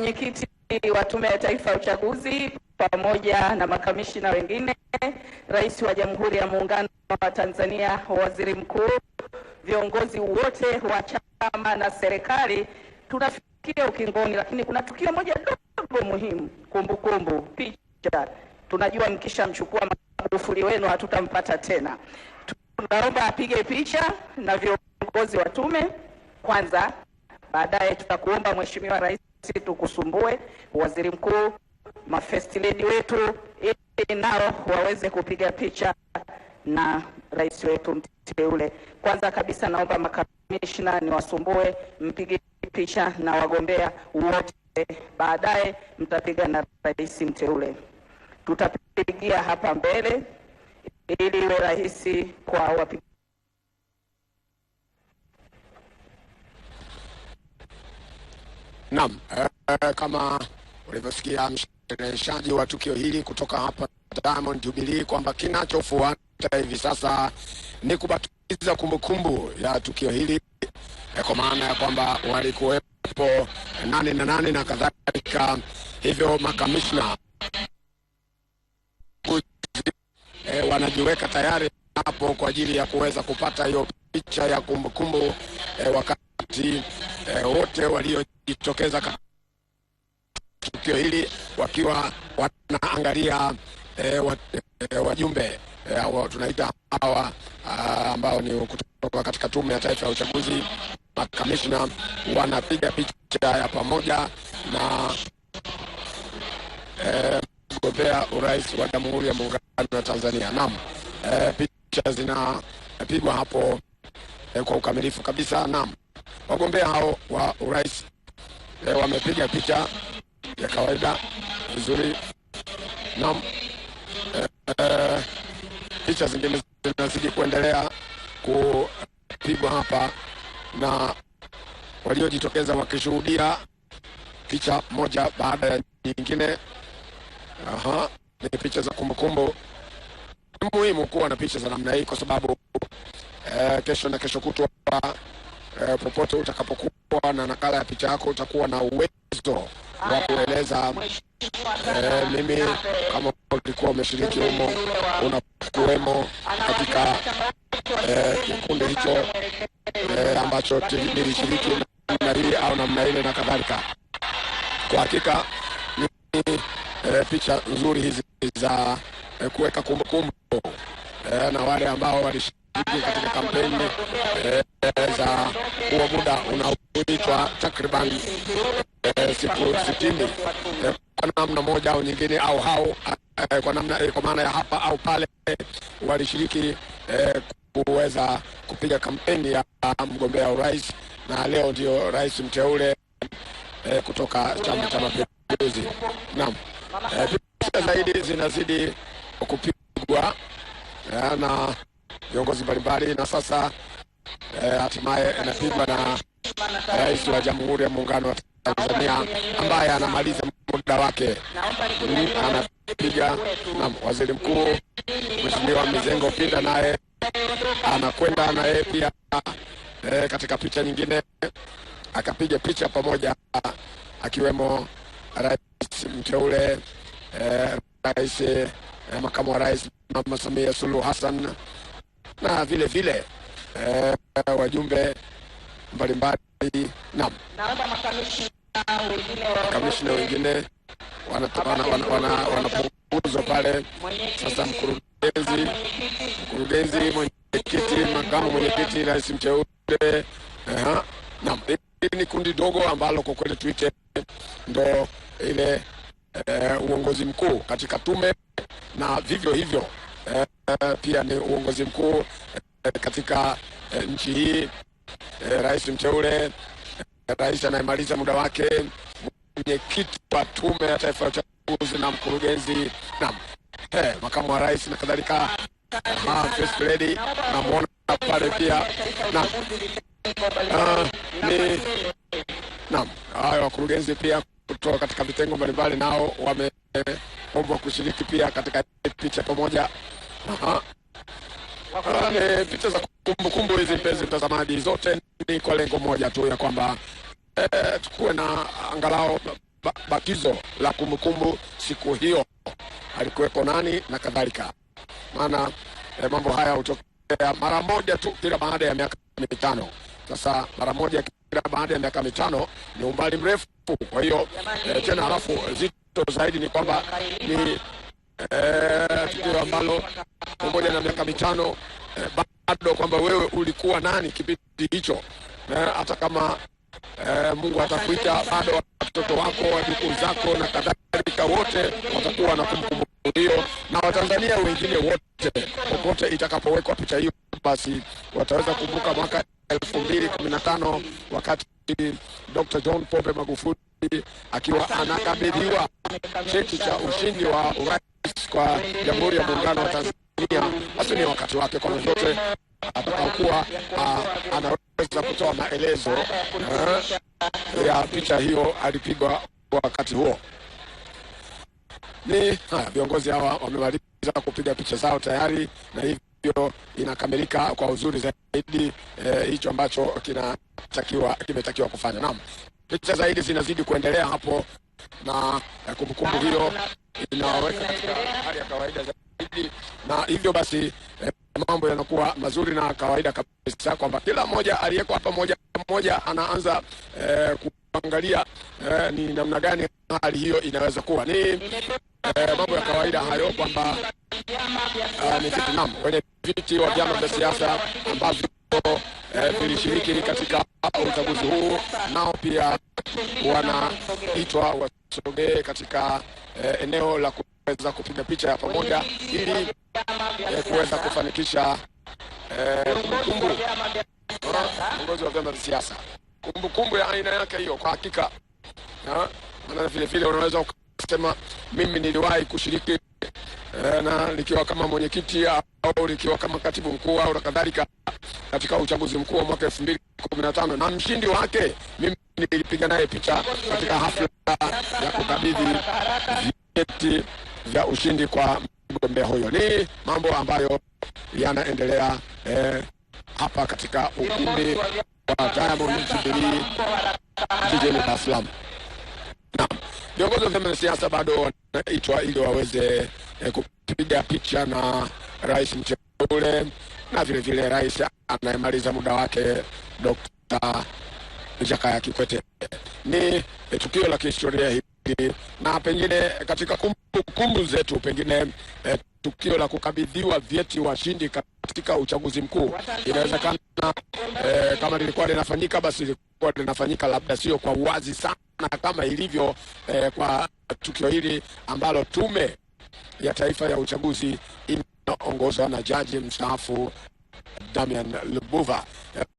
Mwenyekiti wa Tume ya Taifa ya Uchaguzi pamoja na makamishina wengine, Rais wa Jamhuri ya Muungano wa Tanzania, Waziri Mkuu, viongozi wote wa chama na serikali, tunafikia ukingoni, lakini kuna tukio moja dogo muhimu, kumbukumbu kumbu, picha. Tunajua mkisha mchukua Magufuli wenu hatutampata tena. Tunaomba apige picha na viongozi wa tume kwanza, baadaye tutakuomba Mheshimiwa Rais tukusumbue Waziri Mkuu, mafirst lady wetu, ili nao waweze kupiga picha na rais wetu mteule. Kwanza kabisa, naomba makamishna niwasumbue, mpige picha na wagombea wote, baadaye mtapiga na rais mteule. Tutapigia hapa mbele ili iwe rahisi kwa wapiga Naam, uh, kama ulivyosikia mshereheshaji wa tukio hili kutoka hapa Diamond Jubilee kwamba kinachofuata hivi sasa ni kubatiza kumbukumbu ya tukio hili eh, kwa maana ya kwamba walikuwepo nane na nane na kadhalika, hivyo makamishna eh, wanajiweka tayari hapo kwa ajili ya kuweza kupata hiyo picha ya kumbukumbu eh, wakati eh, wote waliojitokeza tukio hili wakiwa wanaangalia eh, wat, eh, wajumbe eh, tunaita hawa ah, ambao ni kutoka katika Tume ya Taifa ya Uchaguzi, makamishna wanapiga picha ya pamoja na eh, mgombea urais wa Jamhuri ya Muungano wa Tanzania. nam eh, picha zinapigwa hapo eh, kwa ukamilifu kabisa. nam Wagombea hao wa urais e, wamepiga picha ya kawaida vizuri na e, eh, e, picha zingine zinazidi kuendelea kupigwa hapa na waliojitokeza wakishuhudia picha moja baada ya nyingine. Aha, ni picha za kumbukumbu. Ni muhimu kuwa na picha za namna hii kwa sababu eh, kesho na kesho kutwa eh, popote utakapokuwa na nakala ya picha yako utakuwa na uwezo wa kueleza eh, mimi kama ulikuwa umeshiriki humo, unakuwemo katika eh, kikundi hicho eh, ambacho nilishiriki namna hii au namna ile na kadhalika. Kwa hakika ni eh, picha nzuri hizi za eh, kuweka kumbukumbu eh, na wale ambao walishiriki katika kampeni eh, za huo muda unaoitwa takriban eh, siku sitini eh, kwa namna moja au nyingine au hao kwa namna kwa maana ya hapa au pale walishiriki kuweza kupiga kampeni ya mgombea urais, na leo ndio rais mteule kutoka Chama cha Mapinduzi. Naam, picha zaidi zinazidi kupigwa na viongozi mbalimbali, na sasa eh, hatimaye eh, anapigwa na rais wa Jamhuri ya Muungano wa Tanzania ambaye anamaliza muda wake, anapiga na waziri mkuu Mheshimiwa Mizengo Pinda, naye anakwenda na yeye pia eh, katika picha nyingine akapiga picha pamoja akiwemo rais mteule eh, rais eh, makamu wa rais Mama Samia Suluhu Hassan na vile vile eh, wajumbe mbalimbali na makamishina wengine wanapunguzwa pale. Sasa mkurugenzi, mkurugenzi, mwenyekiti, makamu mwenyekiti, rais mteule, eh, naam, hili ni kundi dogo ambalo kwa kweli tuite ndo ile eh, uongozi mkuu katika tume na vivyo hivyo eh, pia ni uongozi mkuu eh, katika eh, nchi hii eh, rais mteule eh, rais anayemaliza muda wake, mwenyekiti wa Tume ya Taifa ya Uchaguzi na mkurugenzi na eh, makamu wa rais na kadhalika. Ah, First lady namwona pale pia na Uh, ni hayo wakurugenzi pia kutoka katika vitengo mbalimbali nao wameombwa eh, kushiriki pia katika picha pamoja Picha za kumbukumbu hizi, mpenzi mtazamaji, zote ni kwa lengo moja tu ya kwamba eh, tukuwe na angalau bakizo la kumbukumbu siku hiyo alikuweko nani na kadhalika, maana eh, mambo haya hutokea mara moja tu kila baada ya miaka mitano. Sasa mara moja kila baada ya miaka mitano ni umbali mrefu, kwa hiyo eh, tena halafu eh, zito zaidi ni kwamba ni Eh, tukio ambalo pamoja na miaka mitano eh, bado kwamba wewe ulikuwa nani kipindi hicho, eh, hata kama eh, Mungu atakuita bado, watoto wako wajukuu zako na kadhalika, wote watakuwa na kumbukumbu hiyo, na Watanzania wengine wote popote itakapowekwa picha hiyo, basi wataweza kumbuka mwaka elfu mbili kumi na tano wakati Dr. John pope Magufuli akiwa anakabidhiwa cheti cha ushindi wa urais kwa Jamhuri ya Muungano wa Tanzania, basi ni wakati wake kwa lolote atakaokuwa anaweza kutoa maelezo eh, ya picha hiyo alipigwa wakati huo. Ni haya, viongozi hawa wamemaliza kupiga picha zao tayari, na hivyo inakamilika kwa uzuri zaidi eh, hicho eh, ambacho kinatakiwa kimetakiwa kufanya. Naam picha zaidi zinazidi kuendelea hapo, na kumbukumbu hiyo inaweka katika hali ya kawaida zaidi, na hivyo basi eh, mambo yanakuwa mazuri na kawaida kabisa kwamba kila mmoja aliyeko hapa moja mmoja anaanza eh, kuangalia eh, ni namna gani hali hiyo inaweza kuwa ni eh, mambo ya kawaida hayo kwamba eh, ni vitu kwenye viti wa vyama vya siasa ambavyo Eh, vilishiriki katika uchaguzi huu, nao pia wanaitwa wasogee katika eh, eneo la kuweza kupiga picha ya pamoja ili eh, kuweza kufanikisha kumbukumbu uongozi wa vyama vya siasa, kumbukumbu ya aina yake hiyo. Kwa hakika, maana vile vile unaweza ukasema mimi niliwahi kushiriki na nikiwa kama mwenyekiti au nikiwa kama katibu mkuu au na kadhalika, katika uchaguzi mkuu wa mwaka elfu mbili kumi na tano na mshindi wake mimi nilipiga naye picha katika hafla ya kukabidhi vyeti vya ushindi kwa mgombea huyo. Ni mambo ambayo yanaendelea eh, hapa katika ukumbi wa Diamond Jubilee jijini Dar es Salaam. Naam, viongozi wa vyama vya siasa bado wanaitwa ili waweze eh, kupiga picha na rais mteule ule na vilevile rais anayemaliza muda wake Dr. Jakaya Kikwete. Ni tukio la kihistoria hili na pengine katika kumbukumbu zetu, pengine eh, tukio la kukabidhiwa vyeti washindi katika uchaguzi mkuu inawezekana, eh, kama lilikuwa linafanyika basi lilikuwa linafanyika labda sio kwa uwazi sana kama ilivyo eh, kwa tukio hili ambalo Tume ya Taifa ya Uchaguzi in ongozwa na jaji mstaafu Damian Lubuva.